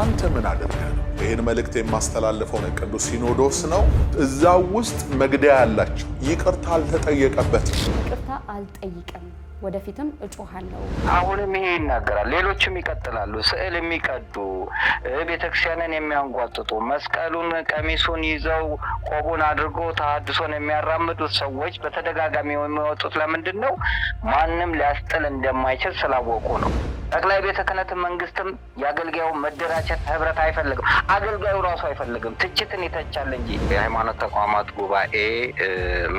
አንተ ምን አድርገህ ነው? ይህን መልእክት የማስተላልፈው ቅዱስ ሲኖዶስ ነው። እዛ ውስጥ መግደያ ያላቸው ይቅርታ አልተጠየቀበትም። ይቅርታ አልጠይቀም ወደፊትም እጮሃለሁ። አሁንም ይሄ ይናገራል። ሌሎችም ይቀጥላሉ። ስዕል የሚቀዱ ቤተክርስቲያንን የሚያንጓጥጡ መስቀሉን፣ ቀሚሱን ይዘው ቆቡን አድርጎ ተሀድሶን የሚያራምዱት ሰዎች በተደጋጋሚ የሚወጡት ለምንድን ነው? ማንም ሊያስጥል እንደማይችል ስላወቁ ነው። ጠቅላይ ቤተ ክህነትን መንግስትም የአገልጋዩ መደራጀት ህብረት አይፈልግም። አገልጋዩ ራሱ አይፈልግም። ትችትን ይተቻል እንጂ የሃይማኖት ተቋማት ጉባኤ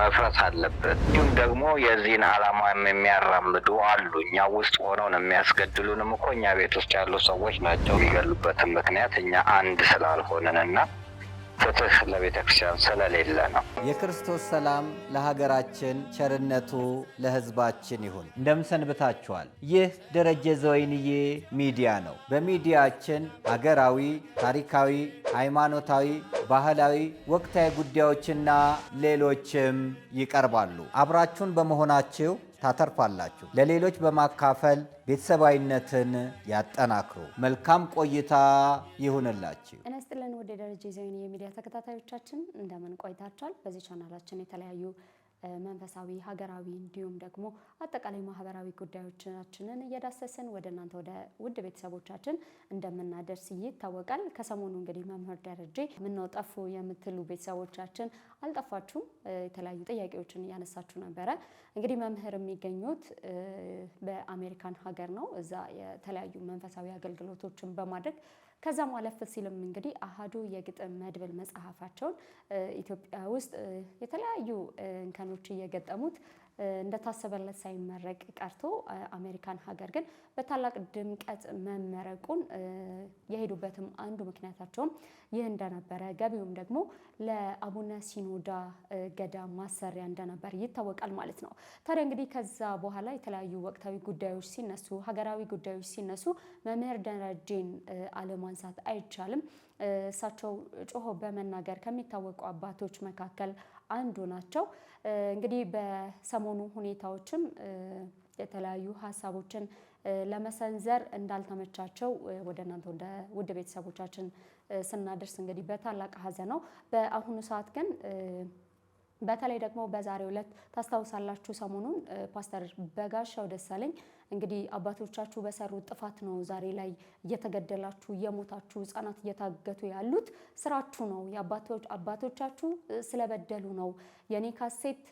መፍረስ አለበት። እንዲሁም ደግሞ የዚህን አላማ የሚያ የሚያራምዱ አሉ። እኛ ውስጥ ሆነው ነው የሚያስገድሉንም እኮ እኛ ቤት ውስጥ ያሉ ሰዎች ናቸው። የሚገሉበትን ምክንያት እኛ አንድ ስላልሆንንና ፍትህ ለቤተ ክርስቲያን ስለሌለ ነው። የክርስቶስ ሰላም ለሀገራችን፣ ቸርነቱ ለህዝባችን ይሁን። እንደምሰንብታችኋል። ይህ ደረጀ ዘወይንዬ ሚዲያ ነው። በሚዲያችን አገራዊ፣ ታሪካዊ፣ ሃይማኖታዊ፣ ባህላዊ፣ ወቅታዊ ጉዳዮችና ሌሎችም ይቀርባሉ። አብራችሁን በመሆናችሁ ታተርፋላችሁ። ለሌሎች በማካፈል ቤተሰባዊነትን ያጠናክሩ። መልካም ቆይታ ይሁንላችሁ። እነስጥልን ይስጥልን ውድ የደረጀ የሚዲያ ተከታታዮቻችን እንደምን ቆይታችኋል? በዚህ ቻናላችን የተለያዩ መንፈሳዊ፣ ሀገራዊ እንዲሁም ደግሞ አጠቃላይ ማህበራዊ ጉዳዮቻችንን እየዳሰስን ወደ እናንተ ወደ ውድ ቤተሰቦቻችን እንደምናደርስ ይታወቃል። ከሰሞኑ እንግዲህ መምህር ደረጀ ምነው ጠፉ የምትሉ ቤተሰቦቻችን አልጠፋችሁም፣ የተለያዩ ጥያቄዎችን እያነሳችሁ ነበረ። እንግዲህ መምህር የሚገኙት በአሜሪካን ሀገር ነው። እዛ የተለያዩ መንፈሳዊ አገልግሎቶችን በማድረግ ከዛም አለፍ ሲልም እንግዲህ አሃዱ የግጥም መድብል መጽሐፋቸውን ኢትዮጵያ ውስጥ የተለያዩ እንከኖች እየገጠሙት እንደታሰበለት ሳይመረቅ ቀርቶ አሜሪካን ሀገር ግን በታላቅ ድምቀት መመረቁን የሄዱበትም አንዱ ምክንያታቸውም ይህ እንደነበረ ገቢውም ደግሞ ለአቡነ ሲኖዳ ገዳም ማሰሪያ እንደነበር ይታወቃል ማለት ነው። ታዲያ እንግዲህ ከዛ በኋላ የተለያዩ ወቅታዊ ጉዳዮች ሲነሱ፣ ሀገራዊ ጉዳዮች ሲነሱ መምህር ደረጄን አለማንሳት አይቻልም። እሳቸው ጮሆ በመናገር ከሚታወቁ አባቶች መካከል አንዱ ናቸው። እንግዲህ በሰሞኑ ሁኔታዎችም የተለያዩ ሀሳቦችን ለመሰንዘር እንዳልተመቻቸው ወደ እናንተ ወደ ውድ ቤተሰቦቻችን ስናደርስ እንግዲህ በታላቅ ሀዘን ነው። በአሁኑ ሰዓት ግን በተለይ ደግሞ በዛሬው ዕለት ታስታውሳላችሁ፣ ሰሞኑን ፓስተር በጋሻው ደሳለኝ እንግዲህ አባቶቻችሁ በሰሩት ጥፋት ነው ዛሬ ላይ እየተገደላችሁ እየሞታችሁ ህጻናት እየታገቱ ያሉት ስራችሁ ነው፣ አባቶቻችሁ ስለበደሉ ነው። የኔ ካሴት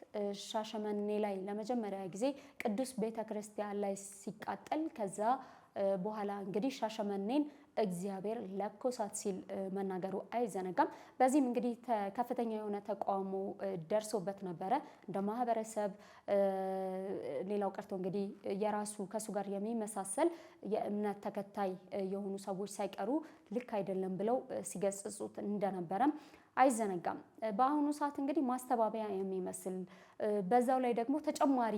ሻሸመኔ ላይ ለመጀመሪያ ጊዜ ቅዱስ ቤተ ክርስቲያን ላይ ሲቃጠል ከዛ በኋላ እንግዲህ ሻሸመኔን እግዚአብሔር ለኮሳት ሲል መናገሩ አይዘነጋም። በዚህም እንግዲህ ከፍተኛ የሆነ ተቃውሞ ደርሶበት ነበረ እንደ ማህበረሰብ። ሌላው ቀርቶ እንግዲህ የራሱ ከሱ ጋር የሚመሳሰል የእምነት ተከታይ የሆኑ ሰዎች ሳይቀሩ ልክ አይደለም ብለው ሲገጽጹት እንደነበረም አይዘነጋም። በአሁኑ ሰዓት እንግዲህ ማስተባበያ የሚመስል በዛው ላይ ደግሞ ተጨማሪ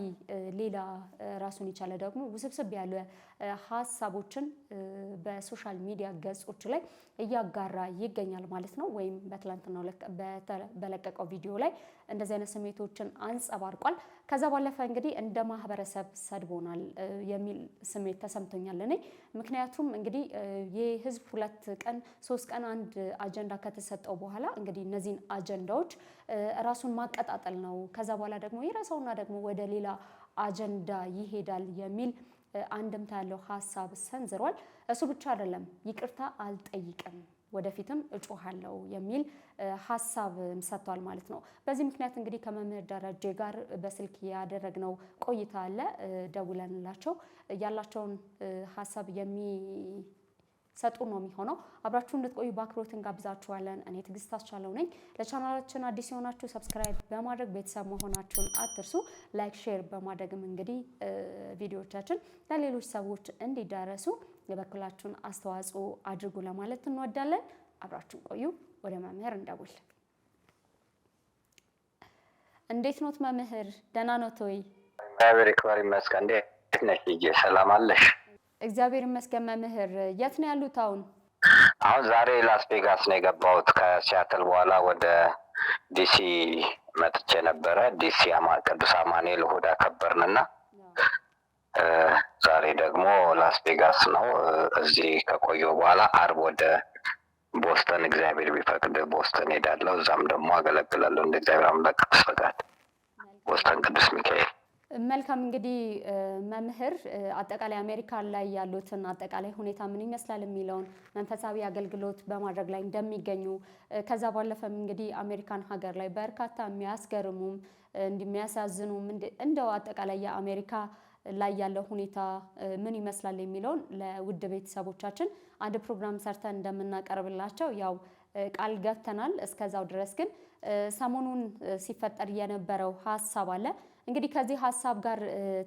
ሌላ ራሱን የቻለ ደግሞ ውስብስብ ያለ ሀሳቦችን በሶሻል ሚዲያ ገጾች ላይ እያጋራ ይገኛል ማለት ነው። ወይም በትላንትናው በለቀቀው ቪዲዮ ላይ እንደዚህ አይነት ስሜቶችን አንጸባርቋል። ከዛ ባለፈ እንግዲህ እንደ ማህበረሰብ ሰድቦናል የሚል ስሜት ተሰምቶኛል እኔ ምክንያቱም እንግዲህ የህዝብ ሁለት ቀን ሶስት ቀን አንድ አጀንዳ ከተሰጠው በኋላ እንግዲህ እነዚህን አጀንዳዎች ራሱን ማቀጣጠል ነው። ከዛ በኋላ ደግሞ ይረሳውና ደግሞ ወደ ሌላ አጀንዳ ይሄዳል የሚል አንድምታ ያለው ሀሳብ ሰንዝሯል። እሱ ብቻ አይደለም ይቅርታ አልጠይቅም ወደፊትም እጮሃለሁ የሚል ሀሳብ ሰጥቷል ማለት ነው። በዚህ ምክንያት እንግዲህ ከመምህር ደረጀ ጋር በስልክ ያደረግነው ቆይታ አለ። ደውለንላቸው ያላቸውን ሀሳብ ሰጡን ነው የሚሆነው። አብራችሁ እንድትቆዩ በአክብሮት እንጋብዛችኋለን። እኔ ትዕግስት አስቻለው ነኝ። ለቻናላችን አዲስ የሆናችሁ ሰብስክራይብ በማድረግ ቤተሰብ መሆናችሁን አትርሱ። ላይክ፣ ሼር በማድረግም እንግዲህ ቪዲዮቻችን ለሌሎች ሰዎች እንዲዳረሱ የበኩላችሁን አስተዋጽኦ አድርጉ ለማለት እንወዳለን። አብራችሁን ቆዩ። ወደ መምህር እንደውል። እንዴት ኖት መምህር? ደህና ኖት ወይ? እግዚአብሔር ይክበር ይመስገን። እንዴት ነሽ? ሰላም አለሽ? እግዚአብሔር ይመስገን። መምህር የት ነው ያሉት አሁን? አሁን ዛሬ ላስ ቬጋስ ነው የገባሁት። ከሲያትል በኋላ ወደ ዲሲ መጥቼ ነበረ። ዲሲ ቅዱስ አማኑኤል እሑድ አከበርንና ዛሬ ደግሞ ላስ ቬጋስ ነው። እዚህ ከቆየሁ በኋላ አርብ ወደ ቦስተን እግዚአብሔር ቢፈቅድ ቦስተን ሄዳለሁ። እዛም ደግሞ አገለግላለሁ እንደ እግዚአብሔር አምላክ ቅዱስ ፈቃድ። ቦስተን ቅዱስ ሚካኤል መልካም እንግዲህ መምህር አጠቃላይ አሜሪካ ላይ ያሉትን አጠቃላይ ሁኔታ ምን ይመስላል የሚለውን መንፈሳዊ አገልግሎት በማድረግ ላይ እንደሚገኙ ከዛ ባለፈም እንግዲህ አሜሪካን ሀገር ላይ በርካታ የሚያስገርሙም እንደሚያሳዝኑም እንደው አጠቃላይ የአሜሪካ ላይ ያለው ሁኔታ ምን ይመስላል የሚለውን ለውድ ቤተሰቦቻችን አንድ ፕሮግራም ሰርተን እንደምናቀርብላቸው ያው ቃል ገብተናል። እስከዛው ድረስ ግን ሰሞኑን ሲፈጠር የነበረው ሀሳብ አለ እንግዲህ ከዚህ ሀሳብ ጋር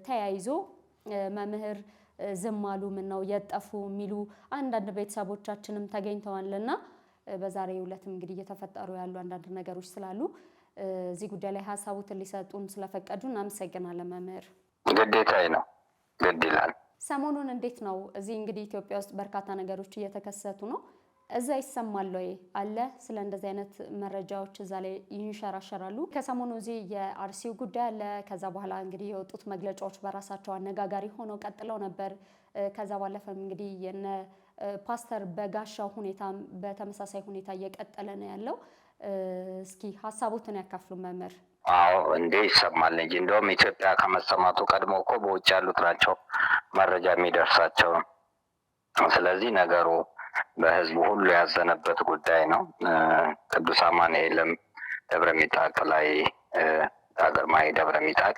ተያይዞ መምህር ዝም አሉ ምን ነው የጠፉ የሚሉ አንዳንድ ቤተሰቦቻችንም ተገኝተዋል እና በዛሬው ዕለትም እንግዲህ እየተፈጠሩ ያሉ አንዳንድ ነገሮች ስላሉ እዚህ ጉዳይ ላይ ሀሳቡትን ሊሰጡን ስለፈቀዱ እናመሰግናለን መምህር። ግዴታዬ ነው፣ ግድ ይላል። ሰሞኑን እንዴት ነው? እዚህ እንግዲህ ኢትዮጵያ ውስጥ በርካታ ነገሮች እየተከሰቱ ነው። እዛ ይሰማል ወይ አለ ስለ እንደዚህ አይነት መረጃዎች እዛ ላይ ይንሸራሸራሉ። ከሰሞኑ እዚህ የአርሲው ጉዳይ አለ። ከዛ በኋላ እንግዲህ የወጡት መግለጫዎች በራሳቸው አነጋጋሪ ሆነው ቀጥለው ነበር። ከዛ ባለፈም እንግዲህ የነ ፓስተር በጋሻው ሁኔታ በተመሳሳይ ሁኔታ እየቀጠለ ነው ያለው። እስኪ ሀሳቦትን ያካፍሉ መምህር። አዎ እንዴ ይሰማል እንጂ እንደውም ኢትዮጵያ ከመሰማቱ ቀድሞ እኮ በውጭ ያሉት ናቸው መረጃ የሚደርሳቸው። ስለዚህ ነገሩ በህዝቡ ሁሉ ያዘነበት ጉዳይ ነው። ቅዱስ አማኑኤልም ደብረ ሚጣቅ ላይ ዳግማዊ ደብረ ሚጣቅ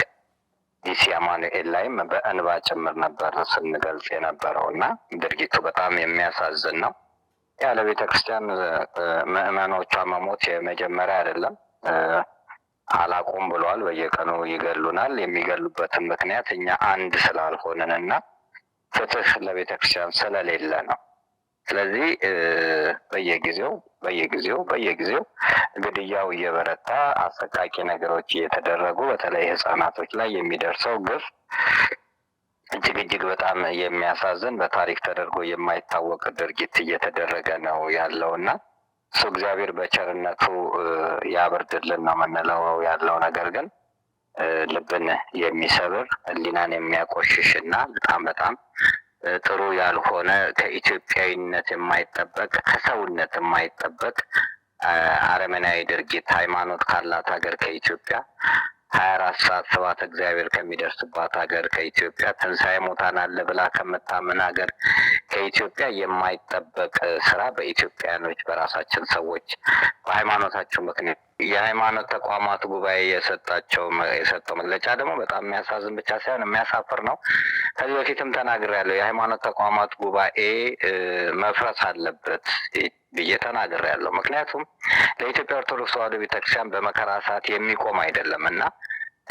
ዲሲ አማኑኤል ላይም በእንባ ጭምር ነበር ስንገልጽ የነበረው እና ድርጊቱ በጣም የሚያሳዝን ነው። ያለ ቤተ ክርስቲያን ምዕመኖቿ መሞት የመጀመሪያ አይደለም። አላቁም ብለዋል። በየቀኑ ይገሉናል። የሚገሉበትን ምክንያት እኛ አንድ ስላልሆንን እና ፍትህ ለቤተ ክርስቲያን ስለሌለ ነው። ስለዚህ በየጊዜው በየጊዜው በየጊዜው ግድያው እየበረታ አሰቃቂ ነገሮች እየተደረጉ በተለይ ህጻናቶች ላይ የሚደርሰው ግፍ እጅግ እጅግ በጣም የሚያሳዝን በታሪክ ተደርጎ የማይታወቅ ድርጊት እየተደረገ ነው ያለው እና እሱ እግዚአብሔር በቸርነቱ ያብርድልን ነው የምንለው ያለው ነገር ግን ልብን የሚሰብር ህሊናን የሚያቆሽሽ እና በጣም በጣም ጥሩ ያልሆነ ከኢትዮጵያዊነት የማይጠበቅ ከሰውነት የማይጠበቅ አረመናዊ ድርጊት ሃይማኖት ካላት ሀገር ከኢትዮጵያ ሀያ አራት ሰዓት ሰባት እግዚአብሔር ከሚደርስባት ሀገር ከኢትዮጵያ ትንሣኤ ሙታን አለ ብላ ከምታምን ሀገር ከኢትዮጵያ የማይጠበቅ ስራ በኢትዮጵያኖች በራሳችን ሰዎች በሃይማኖታቸው ምክንያት የሃይማኖት ተቋማት ጉባኤ የሰጣቸው የሰጠው መግለጫ ደግሞ በጣም የሚያሳዝን ብቻ ሳይሆን የሚያሳፍር ነው። ከዚህ በፊትም ተናግሬያለሁ። የሃይማኖት ተቋማት ጉባኤ መፍረስ አለበት ብዬ ተናግሬያለሁ። ምክንያቱም ለኢትዮጵያ ኦርቶዶክስ ተዋሕዶ ቤተክርስቲያን በመከራ ሰዓት የሚቆም አይደለም እና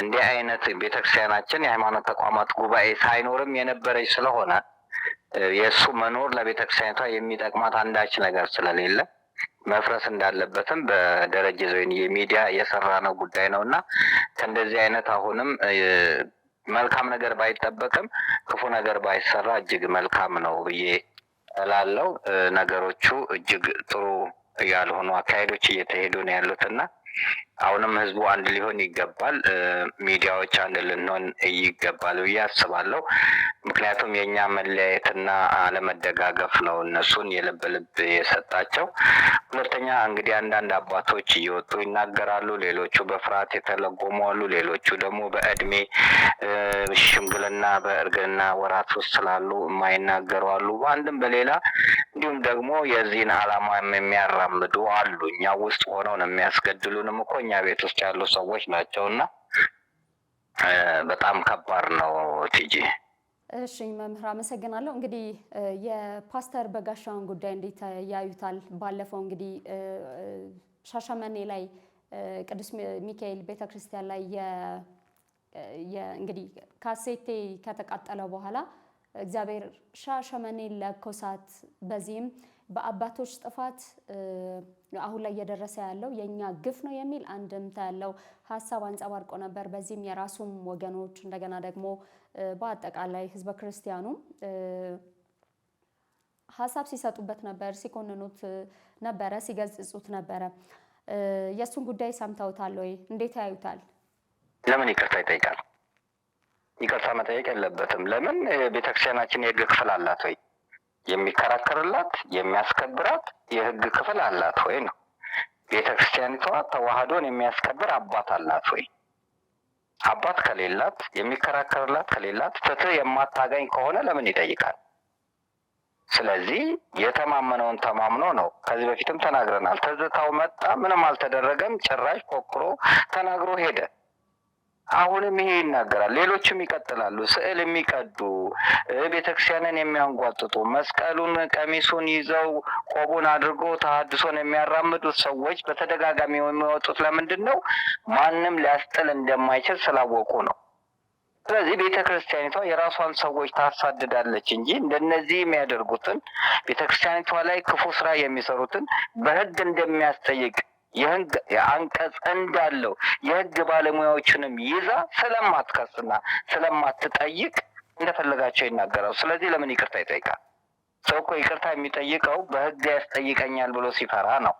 እንዲህ አይነት ቤተክርስቲያናችን የሃይማኖት ተቋማት ጉባኤ ሳይኖርም የነበረች ስለሆነ የእሱ መኖር ለቤተክርስቲያኒቷ የሚጠቅማት አንዳች ነገር ስለሌለ መፍረስ እንዳለበትም በደረጀ ዘወይንዬ የሚዲያ የሰራ ነው ጉዳይ ነው እና ከእንደዚህ አይነት አሁንም መልካም ነገር ባይጠበቅም ክፉ ነገር ባይሰራ እጅግ መልካም ነው ብዬ እላለው። ነገሮቹ እጅግ ጥሩ ያልሆኑ አካሄዶች እየተሄዱ ነው ያሉት እና አሁንም ህዝቡ አንድ ሊሆን ይገባል፣ ሚዲያዎች አንድ ልንሆን ይገባል ብዬ አስባለሁ። ምክንያቱም የእኛ መለያየትና አለመደጋገፍ ነው እነሱን የልብ ልብ የሰጣቸው። ሁለተኛ እንግዲህ አንዳንድ አባቶች እየወጡ ይናገራሉ፣ ሌሎቹ በፍርሃት የተለጎሙ አሉ፣ ሌሎቹ ደግሞ በእድሜ ሽምግልና በእርግና ወራት ውስጥ ስላሉ የማይናገሩ አሉ። በአንድም በሌላ እንዲሁም ደግሞ የዚህን ዓላማ የሚያራምዱ አሉ። እኛ ውስጥ ሆነው ነው የሚያስገድሉንም እኮ እኛ ቤት ውስጥ ያሉ ሰዎች ናቸው እና በጣም ከባድ ነው ቲጂ። እሺ መምህር አመሰግናለሁ። እንግዲህ የፓስተር በጋሻውን ጉዳይ እንዴት ያዩታል? ባለፈው እንግዲህ ሻሸመኔ ላይ ቅዱስ ሚካኤል ቤተክርስቲያን ላይ እንግዲህ ካሴቴ ከተቃጠለ በኋላ እግዚአብሔር ሻሸመኔን ለኮሳት። በዚህም በአባቶች ጥፋት አሁን ላይ እየደረሰ ያለው የእኛ ግፍ ነው የሚል አንድምታ ያለው ሀሳብ አንጸባርቆ ነበር። በዚህም የራሱም ወገኖች እንደገና ደግሞ በአጠቃላይ ህዝበ ክርስቲያኑ ሀሳብ ሲሰጡበት ነበር፣ ሲኮንኑት ነበረ፣ ሲገጽጹት ነበረ። የእሱን ጉዳይ ሰምተውታል ወይ? እንዴት ያዩታል? ለምን ይቅርታ ይጠይቃል? ይቅርታ መጠየቅ የለበትም። ለምን ቤተክርስቲያናችን የህግ ክፍል አላት ወይ የሚከራከርላት የሚያስከብራት የህግ ክፍል አላት ወይ ነው። ቤተክርስቲያኒቷ ተዋህዶን የሚያስከብር አባት አላት ወይ? አባት ከሌላት የሚከራከርላት ከሌላት ፍትህ የማታገኝ ከሆነ ለምን ይጠይቃል? ስለዚህ የተማመነውን ተማምኖ ነው። ከዚህ በፊትም ተናግረናል። ትዝታው መጣ፣ ምንም አልተደረገም። ጭራሽ ኮክሮ ተናግሮ ሄደ። አሁንም ይሄ ይናገራል። ሌሎችም ይቀጥላሉ። ስዕል የሚቀዱ ቤተክርስቲያንን የሚያንጓጥጡ መስቀሉን፣ ቀሚሱን ይዘው ቆቡን አድርጎ ተሐድሶን የሚያራምዱት ሰዎች በተደጋጋሚ የሚወጡት ለምንድን ነው? ማንም ሊያስጥል እንደማይችል ስላወቁ ነው። ስለዚህ ቤተ ክርስቲያኒቷ የራሷን ሰዎች ታሳድዳለች እንጂ እንደነዚህ የሚያደርጉትን ቤተ ክርስቲያኒቷ ላይ ክፉ ስራ የሚሰሩትን በህግ እንደሚያስጠይቅ የህግ እንዳለው የህግ ባለሙያዎችንም ይዛ ስለማትከስና ስለማትጠይቅ እንደፈለጋቸው ይናገራል። ስለዚህ ለምን ይቅርታ ይጠይቃል? ሰው እኮ ይቅርታ የሚጠይቀው በህግ ያስጠይቀኛል ብሎ ሲፈራ ነው።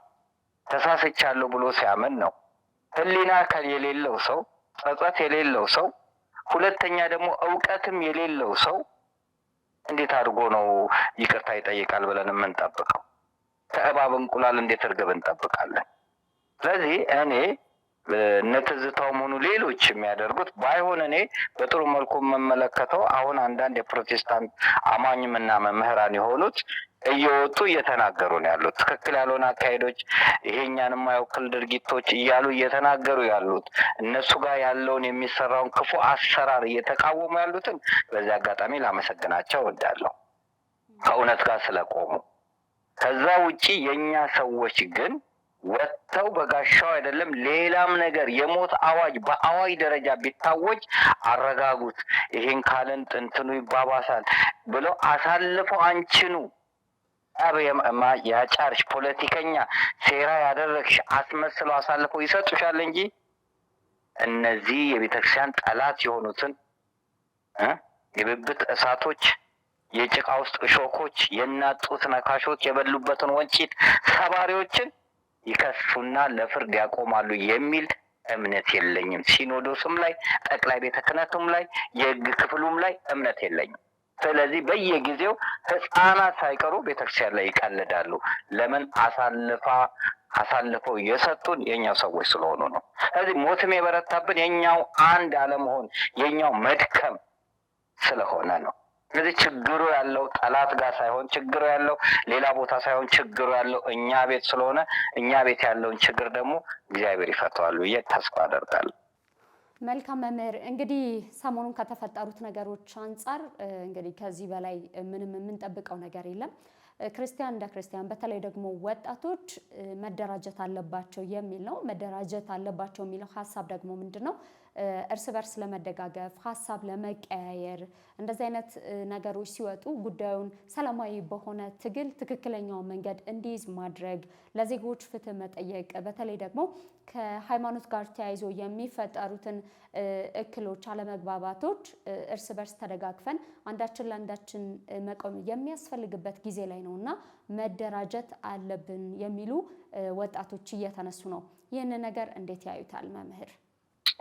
ተሳስቻለሁ ብሎ ሲያምን ነው። ህሊና የሌለው ሰው፣ ጸጸት የሌለው ሰው፣ ሁለተኛ ደግሞ እውቀትም የሌለው ሰው እንዴት አድርጎ ነው ይቅርታ ይጠይቃል ብለን የምንጠብቀው? ከእባብ እንቁላል እንዴት እርግብ እንጠብቃለን? ስለዚህ እኔ እነ ትዝታውም ሆኑ ሌሎች የሚያደርጉት ባይሆን እኔ በጥሩ መልኩ የምመለከተው አሁን አንዳንድ የፕሮቴስታንት አማኝምና መምህራን የሆኑት እየወጡ እየተናገሩ ነው ያሉት። ትክክል ያልሆነ አካሄዶች፣ ይሄኛን የማይወክል ድርጊቶች እያሉ እየተናገሩ ያሉት እነሱ ጋር ያለውን የሚሰራውን ክፉ አሰራር እየተቃወሙ ያሉትን በዚህ አጋጣሚ ላመሰግናቸው እወዳለሁ ከእውነት ጋር ስለቆሙ። ከዛ ውጪ የእኛ ሰዎች ግን ወጥተው በጋሻው አይደለም ሌላም ነገር የሞት አዋጅ በአዋጅ ደረጃ ቢታወጅ አረጋጉት፣ ይሄን ካለን ጥንትኑ ይባባሳል ብለው አሳልፈው አንችኑ ያጫርሽ ፖለቲከኛ ሴራ ያደረግሽ አስመስለው አሳልፈው ይሰጡሻል እንጂ እነዚህ የቤተክርስቲያን ጠላት የሆኑትን የብብት እሳቶች የጭቃ ውስጥ እሾኮች የናጡት ነካሾች የበሉበትን ወንጭት ሰባሪዎችን ይከሱና ለፍርድ ያቆማሉ የሚል እምነት የለኝም። ሲኖዶስም ላይ ጠቅላይ ቤተ ክህነቱም ላይ የህግ ክፍሉም ላይ እምነት የለኝም። ስለዚህ በየጊዜው ህፃናት ሳይቀሩ ቤተክርስቲያን ላይ ይቀልዳሉ። ለምን አሳልፋ አሳልፈው የሰጡን የኛው ሰዎች ስለሆኑ ነው። ስለዚህ ሞትም የበረታብን የኛው አንድ አለመሆን የኛው መድከም ስለሆነ ነው። ስለዚህ ችግሩ ያለው ጠላት ጋር ሳይሆን ችግሩ ያለው ሌላ ቦታ ሳይሆን ችግሩ ያለው እኛ ቤት ስለሆነ እኛ ቤት ያለውን ችግር ደግሞ እግዚአብሔር ይፈተዋል ብዬ ተስፋ አደርጋለሁ። መልካም መምህር፣ እንግዲህ ሰሞኑን ከተፈጠሩት ነገሮች አንጻር እንግዲህ ከዚህ በላይ ምንም የምንጠብቀው ነገር የለም። ክርስቲያን እንደ ክርስቲያን በተለይ ደግሞ ወጣቶች መደራጀት አለባቸው የሚል ነው። መደራጀት አለባቸው የሚለው ሀሳብ ደግሞ ምንድን ነው? እርስ በርስ ለመደጋገፍ ሀሳብ ለመቀያየር እንደዚህ አይነት ነገሮች ሲወጡ ጉዳዩን ሰላማዊ በሆነ ትግል ትክክለኛውን መንገድ እንዲይዝ ማድረግ፣ ለዜጎች ፍትህ መጠየቅ፣ በተለይ ደግሞ ከሃይማኖት ጋር ተያይዞ የሚፈጠሩትን እክሎች፣ አለመግባባቶች እርስ በርስ ተደጋግፈን አንዳችን ለአንዳችን መቆም የሚያስፈልግበት ጊዜ ላይ ነው እና መደራጀት አለብን የሚሉ ወጣቶች እየተነሱ ነው። ይህንን ነገር እንዴት ያዩታል መምህር?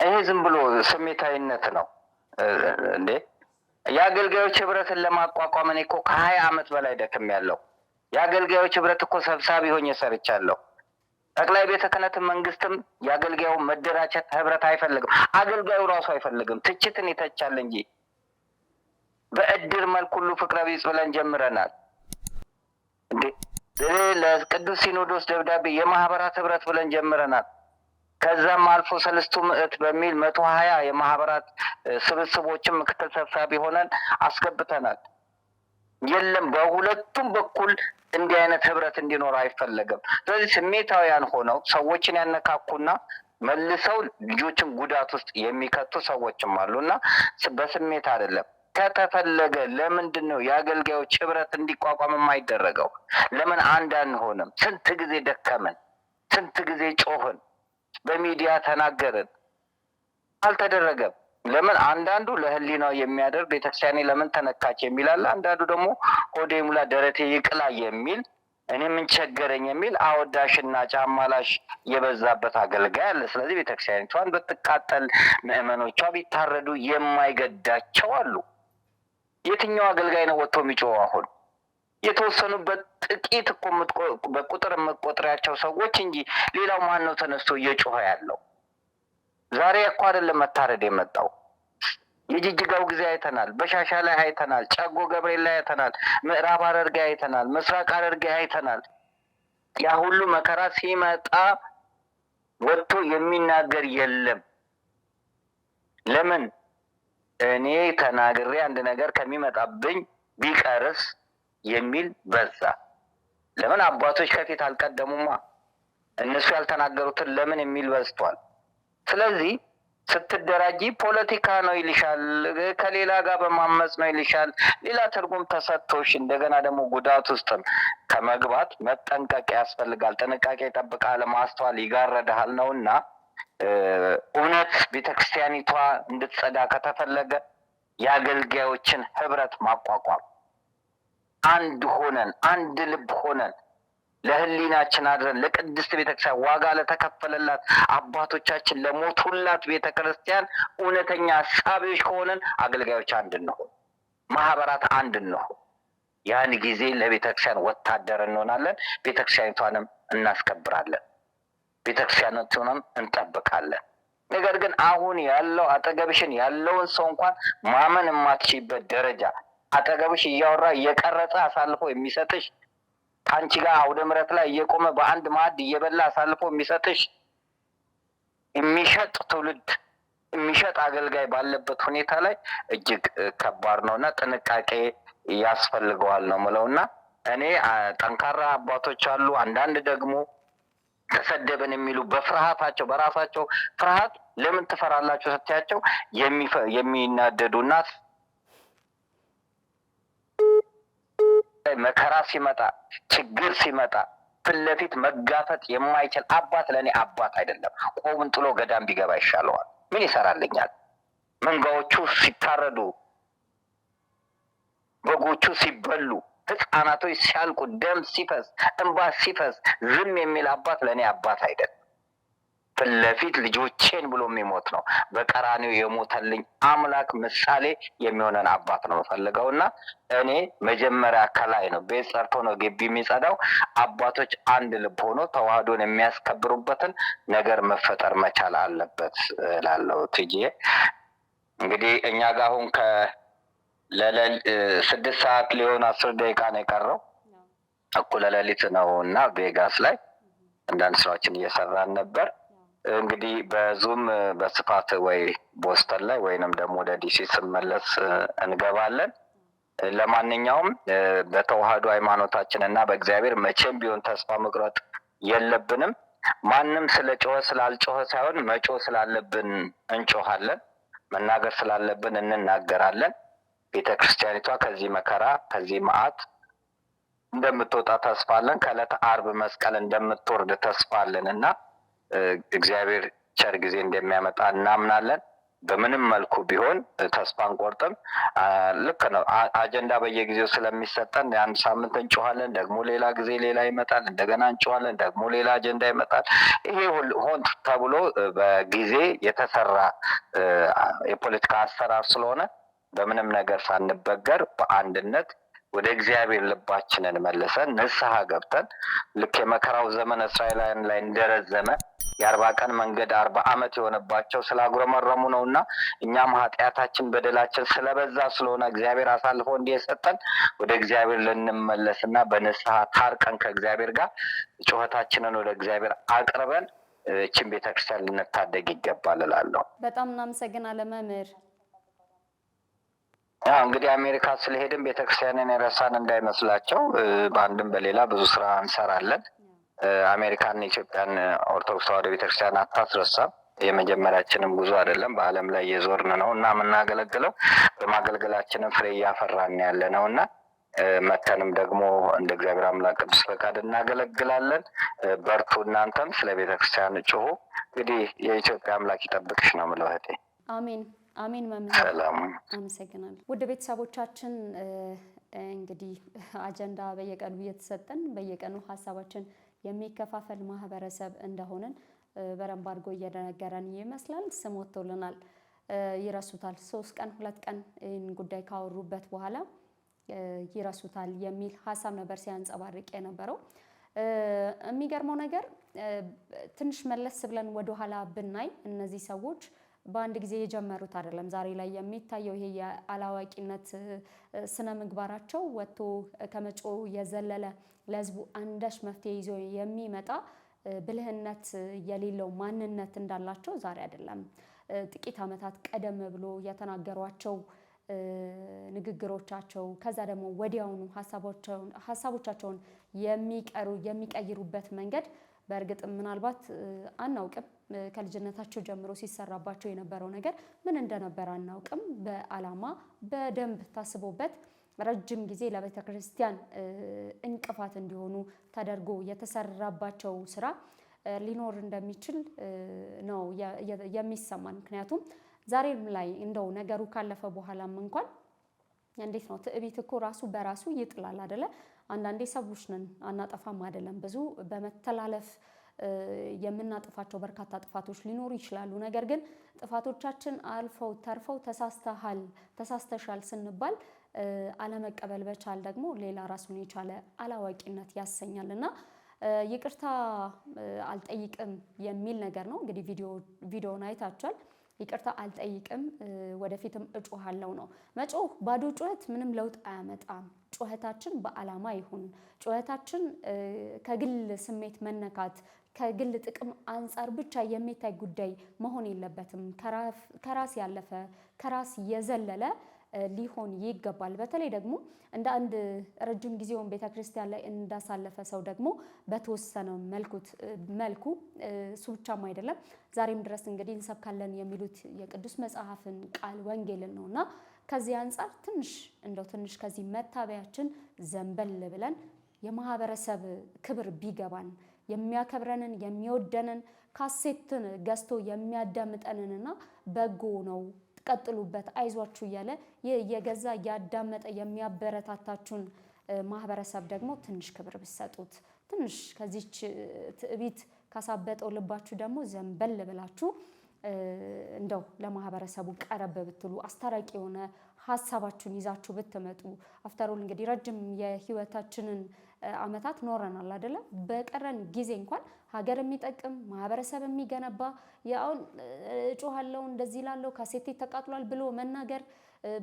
ይሄ ዝም ብሎ ስሜታዊነት ነው እንዴ! የአገልጋዮች ህብረትን ለማቋቋም እኔ እኮ ከሀያ አመት በላይ ደክም ያለው የአገልጋዮች ህብረት እኮ ሰብሳቢ ሆኜ ሰርቻለሁ። ጠቅላይ ቤተ ክህነትን መንግስትም የአገልጋዩ መደራጀት ህብረት አይፈልግም። አገልጋዩ ራሱ አይፈልግም። ትችትን ይተቻል እንጂ በእድር መልክ ሁሉ ፍቅረ ቢጽ ብለን ጀምረናል። እንዴ ለቅዱስ ሲኖዶስ ደብዳቤ የማህበራት ህብረት ብለን ጀምረናል። ከዛም አልፎ ሰለስቱ ምዕት በሚል መቶ ሀያ የማህበራት ስብስቦችን ምክትል ሰብሳቢ ሆነን አስገብተናል። የለም በሁለቱም በኩል እንዲህ አይነት ህብረት እንዲኖር አይፈለግም። ስለዚህ ስሜታውያን ሆነው ሰዎችን ያነካኩና መልሰው ልጆችን ጉዳት ውስጥ የሚከቱ ሰዎችም አሉ እና በስሜት አይደለም ከተፈለገ ለምንድን ነው የአገልጋዮች ህብረት እንዲቋቋም የማይደረገው? ለምን አንድ አንሆንም? ስንት ጊዜ ደከምን፣ ስንት ጊዜ ጮህን። በሚዲያ ተናገርን፣ አልተደረገም። ለምን አንዳንዱ ለህሊናው የሚያደርግ ቤተክርስቲያኔ ለምን ተነካች የሚል አለ። አንዳንዱ ደግሞ ሆዴ ሙላ ደረቴ ይቅላ የሚል እኔ ምን ቸገረኝ የሚል አወዳሽና ጫማላሽ የበዛበት አገልጋይ አለ። ስለዚህ ቤተክርስቲያኒቷን ብትቃጠል ምእመኖቿ ቢታረዱ የማይገዳቸው አሉ። የትኛው አገልጋይ ነው ወጥቶ የሚጮኸው አሁን? የተወሰኑበት ጥቂት እኮ በቁጥር የምቆጥሪያቸው ሰዎች እንጂ ሌላው ማን ነው ተነስቶ እየጮኸ ያለው? ዛሬ እኮ አይደለም መታረድ የመጣው። የጅጅጋው ጊዜ አይተናል፣ በሻሻ ላይ አይተናል፣ ጨጎ ገብርኤል ላይ አይተናል፣ ምዕራብ ሐረርጌ አይተናል፣ ምስራቅ ሐረርጌ አይተናል። ያ ሁሉ መከራ ሲመጣ ወጥቶ የሚናገር የለም። ለምን እኔ ተናግሬ አንድ ነገር ከሚመጣብኝ ቢቀርስ የሚል በዛ። ለምን አባቶች ከፊት አልቀደሙማ? እነሱ ያልተናገሩትን ለምን የሚል በዝቷል። ስለዚህ ስትደራጂ ፖለቲካ ነው ይልሻል፣ ከሌላ ጋር በማመፅ ነው ይልሻል። ሌላ ትርጉም ተሰጥቶሽ እንደገና ደግሞ ጉዳት ውስጥም ከመግባት መጠንቀቅ ያስፈልጋል። ጥንቃቄ ይጠብቃል፣ ማስተዋል ይጋረድሃል ነው እና እውነት ቤተክርስቲያኒቷ እንድትጸዳ ከተፈለገ የአገልጋዮችን ህብረት ማቋቋም አንድ ሆነን አንድ ልብ ሆነን ለህሊናችን አድረን ለቅድስት ቤተክርስቲያን ዋጋ ለተከፈለላት አባቶቻችን ለሞቱላት ቤተክርስቲያን እውነተኛ አሳቢዎች ከሆነን አገልጋዮች አንድ እንሆን፣ ማህበራት አንድ እንሆን። ያን ጊዜ ለቤተክርስቲያን ወታደር እንሆናለን። ቤተክርስቲያኒቷንም እናስከብራለን። ቤተክርስቲያኒቱንም እንጠብቃለን። ነገር ግን አሁን ያለው አጠገብሽን ያለውን ሰው እንኳን ማመን የማትችበት ደረጃ አጠገብሽ እያወራ እየቀረጸ አሳልፎ የሚሰጥሽ ከአንቺ ጋር አውደ ምረት ላይ እየቆመ በአንድ ማዕድ እየበላ አሳልፎ የሚሰጥሽ የሚሸጥ ትውልድ የሚሸጥ አገልጋይ ባለበት ሁኔታ ላይ እጅግ ከባድ ነው እና ጥንቃቄ ያስፈልገዋል ነው ምለው እና እኔ ጠንካራ አባቶች አሉ። አንዳንድ ደግሞ ተሰደብን የሚሉ በፍርሃታቸው በራሳቸው ፍርሃት ለምን ትፈራላቸው ስትያቸው የሚናደዱ እና መከራ ሲመጣ ችግር ሲመጣ ፊት ለፊት መጋፈጥ የማይችል አባት ለእኔ አባት አይደለም። ቆቡን ጥሎ ገዳም ቢገባ ይሻለዋል። ምን ይሰራልኛል? መንጋዎቹ ሲታረዱ፣ በጎቹ ሲበሉ፣ ህፃናቶች ሲያልቁ፣ ደም ሲፈስ፣ እንባ ሲፈስ ዝም የሚል አባት ለእኔ አባት አይደለም። ፊት ለፊት ልጆቼን ብሎ የሚሞት ነው። በቀራኔው የሞተልኝ አምላክ ምሳሌ የሚሆነን አባት ነው የምፈልገው እና እኔ መጀመሪያ ከላይ ነው ቤት ጸርቶ ነው ግቢ የሚጸዳው። አባቶች አንድ ልብ ሆኖ ተዋህዶን የሚያስከብሩበትን ነገር መፈጠር መቻል አለበት ላለው ትዬ እንግዲህ እኛ ጋር አሁን ከስድስት ሰዓት ሊሆን አስር ደቂቃ ነው የቀረው። እኩለ ሌሊት ነው እና ቬጋስ ላይ አንዳንድ ስራዎችን እየሰራን ነበር። እንግዲህ በዙም በስፋት ወይ ቦስተን ላይ ወይንም ደግሞ ወደ ዲሲ ስመለስ እንገባለን። ለማንኛውም በተዋህዶ ሃይማኖታችን እና በእግዚአብሔር መቼም ቢሆን ተስፋ መቁረጥ የለብንም። ማንም ስለ ጮኸ ስላልጮኸ ሳይሆን መጮ ስላለብን እንጮሃለን፣ መናገር ስላለብን እንናገራለን። ቤተ ክርስቲያኒቷ ከዚህ መከራ ከዚህ መዓት እንደምትወጣ ተስፋለን። ከዕለተ አርብ መስቀል እንደምትወርድ ተስፋለን እና እግዚአብሔር ቸር ጊዜ እንደሚያመጣ እናምናለን። በምንም መልኩ ቢሆን ተስፋ አንቆርጥም። ልክ ነው። አጀንዳ በየጊዜው ስለሚሰጠን አንድ ሳምንት እንጮኋለን፣ ደግሞ ሌላ ጊዜ ሌላ ይመጣል፣ እንደገና እንጮኋለን፣ ደግሞ ሌላ አጀንዳ ይመጣል። ይሄ ሆን ተብሎ በጊዜ የተሰራ የፖለቲካ አሰራር ስለሆነ በምንም ነገር ሳንበገር በአንድነት ወደ እግዚአብሔር ልባችንን መልሰን ንስሐ ገብተን ልክ የመከራው ዘመን እስራኤላውያን ላይ እንደረዘመ የአርባ ቀን መንገድ አርባ ዓመት የሆነባቸው ስላጉረመረሙ ነው እና እኛም ኃጢአታችን በደላችን ስለበዛ ስለሆነ እግዚአብሔር አሳልፎ እንዲህ ወደ እግዚአብሔር ልንመለስ እና በንስሐ ታርቀን ከእግዚአብሔር ጋር ጩኸታችንን ወደ እግዚአብሔር አቅርበን እችን ቤተክርስቲያን ልንታደግ ይገባል እላለሁ። በጣም እናመሰግናለን መምህር። እንግዲህ አሜሪካ ስለሄድን ቤተክርስቲያንን የረሳን እንዳይመስላቸው በአንድም በሌላ ብዙ ስራ እንሰራለን። አሜሪካን ኢትዮጵያን ኦርቶዶክስ ተዋሕዶ ቤተክርስቲያን አታስረሳም። የመጀመሪያችንም ጉዞ አይደለም። በዓለም ላይ እየዞርን ነው እና የምናገለግለው በማገልገላችንም ፍሬ እያፈራን ያለ ነው እና መተንም ደግሞ እንደ እግዚአብሔር አምላክ ቅዱስ ፈቃድ እናገለግላለን። በርቱ። እናንተም ስለ ቤተክርስቲያን ጩሁ። እንግዲህ የኢትዮጵያ አምላክ ይጠብቅሽ ነው የምለው እህቴ። አሜን። አሜን መምህር፣ አመሰግናለሁ። ውድ ቤተሰቦቻችን እንግዲህ አጀንዳ በየቀኑ እየተሰጠን በየቀኑ ሀሳባችን የሚከፋፈል ማህበረሰብ እንደሆንን በደንብ አድርጎ እየነገረን ይመስላል። ስም ወጥቶልናል። ይረሱታል። ሶስት ቀን ሁለት ቀን ይህን ጉዳይ ካወሩበት በኋላ ይረሱታል የሚል ሀሳብ ነበር ሲያንጸባርቅ የነበረው። የሚገርመው ነገር ትንሽ መለስ ብለን ወደኋላ ብናይ እነዚህ ሰዎች በአንድ ጊዜ የጀመሩት አይደለም። ዛሬ ላይ የሚታየው ይሄ የአላዋቂነት ስነ ምግባራቸው ወጥቶ ከመጮ የዘለለ ለህዝቡ አንዳች መፍትሄ ይዞ የሚመጣ ብልህነት የሌለው ማንነት እንዳላቸው ዛሬ አይደለም፣ ጥቂት ዓመታት ቀደም ብሎ የተናገሯቸው ንግግሮቻቸው ከዛ ደግሞ ወዲያውኑ ሀሳቦቻቸውን የሚቀሩ የሚቀይሩበት መንገድ በእርግጥ ምናልባት አናውቅም ከልጅነታቸው ጀምሮ ሲሰራባቸው የነበረው ነገር ምን እንደነበር አናውቅም። በዓላማ በደንብ ታስቦበት ረጅም ጊዜ ለቤተ ክርስቲያን እንቅፋት እንዲሆኑ ተደርጎ የተሰራባቸው ስራ ሊኖር እንደሚችል ነው የሚሰማን። ምክንያቱም ዛሬም ላይ እንደው ነገሩ ካለፈ በኋላም እንኳን እንዴት ነው ትዕቢት እኮ ራሱ በራሱ ይጥላል አደለ? አንዳንዴ ሰዎች ነን አናጠፋም አደለም። ብዙ በመተላለፍ የምናጥፋቸው በርካታ ጥፋቶች ሊኖሩ ይችላሉ። ነገር ግን ጥፋቶቻችን አልፈው ተርፈው ተሳስተሃል፣ ተሳስተሻል ስንባል አለመቀበል በቻል ደግሞ ሌላ ራሱን የቻለ አላዋቂነት ያሰኛል እና ይቅርታ አልጠይቅም የሚል ነገር ነው። እንግዲህ ቪዲዮውን አይታችኋል። ይቅርታ አልጠይቅም፣ ወደፊትም እጮሃለው ነው። መጮህ ባዶ ጩኸት ምንም ለውጥ አያመጣም። ጩኸታችን በዓላማ ይሁን። ጩኸታችን ከግል ስሜት መነካት ከግል ጥቅም አንጻር ብቻ የሚታይ ጉዳይ መሆን የለበትም። ከራስ ያለፈ ከራስ የዘለለ ሊሆን ይገባል። በተለይ ደግሞ እንደ አንድ ረጅም ጊዜውን ቤተክርስቲያን ላይ እንዳሳለፈ ሰው ደግሞ በተወሰነ መልኩ እሱ ብቻም አይደለም ዛሬም ድረስ እንግዲህ እንሰብካለን የሚሉት የቅዱስ መጽሐፍን ቃል ወንጌልን ነው እና ከዚህ አንጻር ትንሽ እንደው ትንሽ ከዚህ መታበያችን ዘንበል ብለን የማህበረሰብ ክብር ቢገባን የሚያከብረንን የሚወደንን ካሴትን ገዝቶ የሚያዳምጠንንና በጎ ነው ቀጥሉበት፣ አይዟችሁ እያለ የገዛ እያዳመጠ የሚያበረታታችሁን ማህበረሰብ ደግሞ ትንሽ ክብር ብሰጡት ትንሽ ከዚች ትዕቢት ካሳበጠው ልባችሁ ደግሞ ዘንበል ብላችሁ እንደው ለማህበረሰቡ ቀረብ ብትሉ አስታራቂ የሆነ ሀሳባችሁን ይዛችሁ ብትመጡ አፍተሮል እንግዲህ ረጅም የህይወታችንን አመታት ኖረናል አይደለም። በቀረን ጊዜ እንኳን ሀገር የሚጠቅም ማህበረሰብ የሚገነባ ያውን እጮሃለው እንደዚህ ላለው ካሴቴ ተቃጥሏል ብሎ መናገር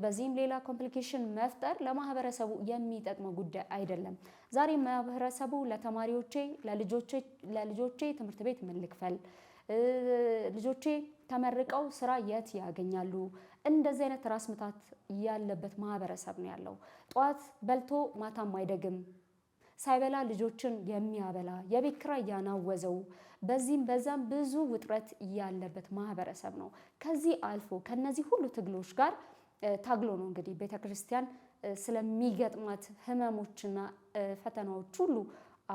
በዚህም ሌላ ኮምፕሊኬሽን መፍጠር ለማህበረሰቡ የሚጠቅመው ጉዳይ አይደለም። ዛሬ ማህበረሰቡ ለተማሪዎቼ ለልጆቼ ትምህርት ቤት ምን ልክፈል፣ ልጆቼ ተመርቀው ስራ የት ያገኛሉ? እንደዚህ አይነት ራስ ምታት ያለበት ማህበረሰብ ነው ያለው። ጠዋት በልቶ ማታም አይደግም ሳይበላ ልጆችን የሚያበላ የቤት ኪራይ ያናወዘው በዚህም በዛም ብዙ ውጥረት ያለበት ማህበረሰብ ነው። ከዚህ አልፎ ከነዚህ ሁሉ ትግሎች ጋር ታግሎ ነው እንግዲህ ቤተክርስቲያን ስለሚገጥማት ህመሞችና ፈተናዎች ሁሉ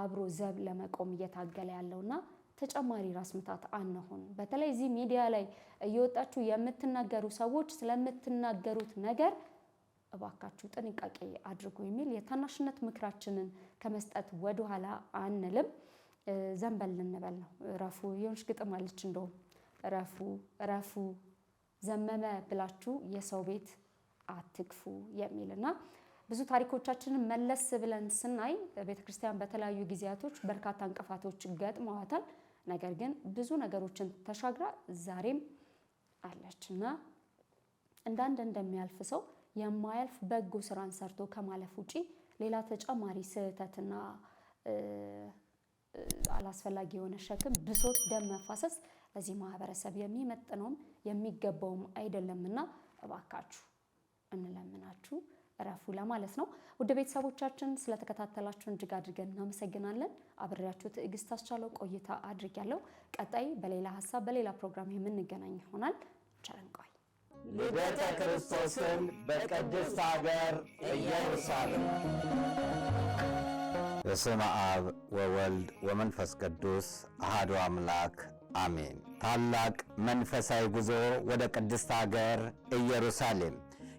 አብሮ ዘብ ለመቆም እየታገለ ያለውና ተጨማሪ ራስ ምታት አንሆን። በተለይ እዚህ ሚዲያ ላይ እየወጣችሁ የምትናገሩ ሰዎች ስለምትናገሩት ነገር እባካችሁ ጥንቃቄ አድርጉ የሚል የታናሽነት ምክራችንን ከመስጠት ወደኋላ አንልም። ዘንበል ልንበል ነው። ረፉ የሆነች ግጥም አለች። እንደውም ረፉ ረፉ ዘመመ ብላችሁ የሰው ቤት አትክፉ የሚልና ብዙ ታሪኮቻችንን መለስ ብለን ስናይ ቤተክርስቲያን በተለያዩ ጊዜያቶች በርካታ እንቅፋቶች ገጥመዋታል። ነገር ግን ብዙ ነገሮችን ተሻግራ ዛሬም አለች እና እንዳንድ እንደሚያልፍ ሰው የማያልፍ በጎ ስራን ሰርቶ ከማለፍ ውጪ ሌላ ተጨማሪ ስህተትና አላስፈላጊ የሆነ ሸክም፣ ብሶት፣ ደም መፋሰስ ለዚህ ማህበረሰብ የሚመጥነውም የሚገባውም አይደለምና እባካችሁ እንለምናችሁ እረፉ ለማለት ነው። ውድ ቤተሰቦቻችን ስለተከታተላችሁን እጅግ አድርገን እናመሰግናለን። አብሬያችሁ ትዕግስት አስቻለው ቆይታ አድርጊያለሁ። ቀጣይ በሌላ ሀሳብ በሌላ ፕሮግራም የምንገናኝ ይሆናል። ቸረንቋ ልደተ ክርስቶስን በቅድስት አገር ኢየሩሳሌም። በስመ አብ ወወልድ ወመንፈስ ቅዱስ አሐዱ አምላክ አሜን። ታላቅ መንፈሳዊ ጉዞ ወደ ቅድስት አገር ኢየሩሳሌም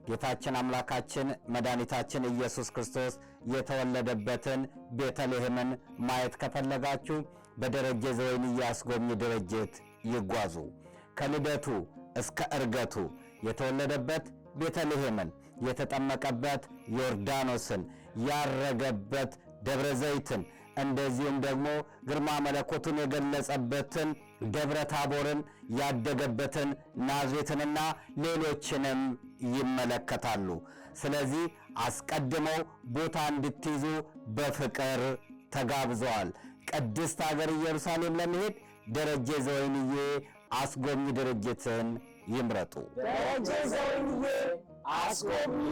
ጌታችን አምላካችን መድኃኒታችን ኢየሱስ ክርስቶስ የተወለደበትን ቤተልሔምን ማየት ከፈለጋችሁ በደረጀ ዘወይንዬ አስጎብኚ ድርጅት ይጓዙ። ከልደቱ እስከ እርገቱ የተወለደበት ቤተልሔምን፣ የተጠመቀበት ዮርዳኖስን፣ ያረገበት ደብረ ዘይትን እንደዚሁም ደግሞ ግርማ መለኮቱን የገለጸበትን ደብረ ታቦርን ያደገበትን ናዝሬትንና ሌሎችንም ይመለከታሉ። ስለዚህ አስቀድመው ቦታ እንድትይዙ በፍቅር ተጋብዘዋል። ቅድስት ሀገር ኢየሩሳሌም ለመሄድ ደረጀ ዘወይንዬ አስጎብኝ ድርጅትን ይምረጡ። አስጎብኚ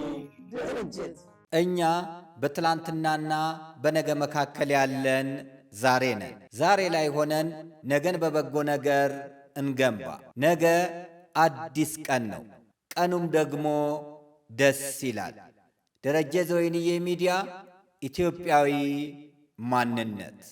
ድርጅት። እኛ በትላንትናና በነገ መካከል ያለን ዛሬ ነን። ዛሬ ላይ ሆነን ነገን በበጎ ነገር እንገንባ። ነገ አዲስ ቀን ነው። ቀኑም ደግሞ ደስ ይላል። ደረጀ ዘወይንዬ ሚዲያ ኢትዮጵያዊ ማንነት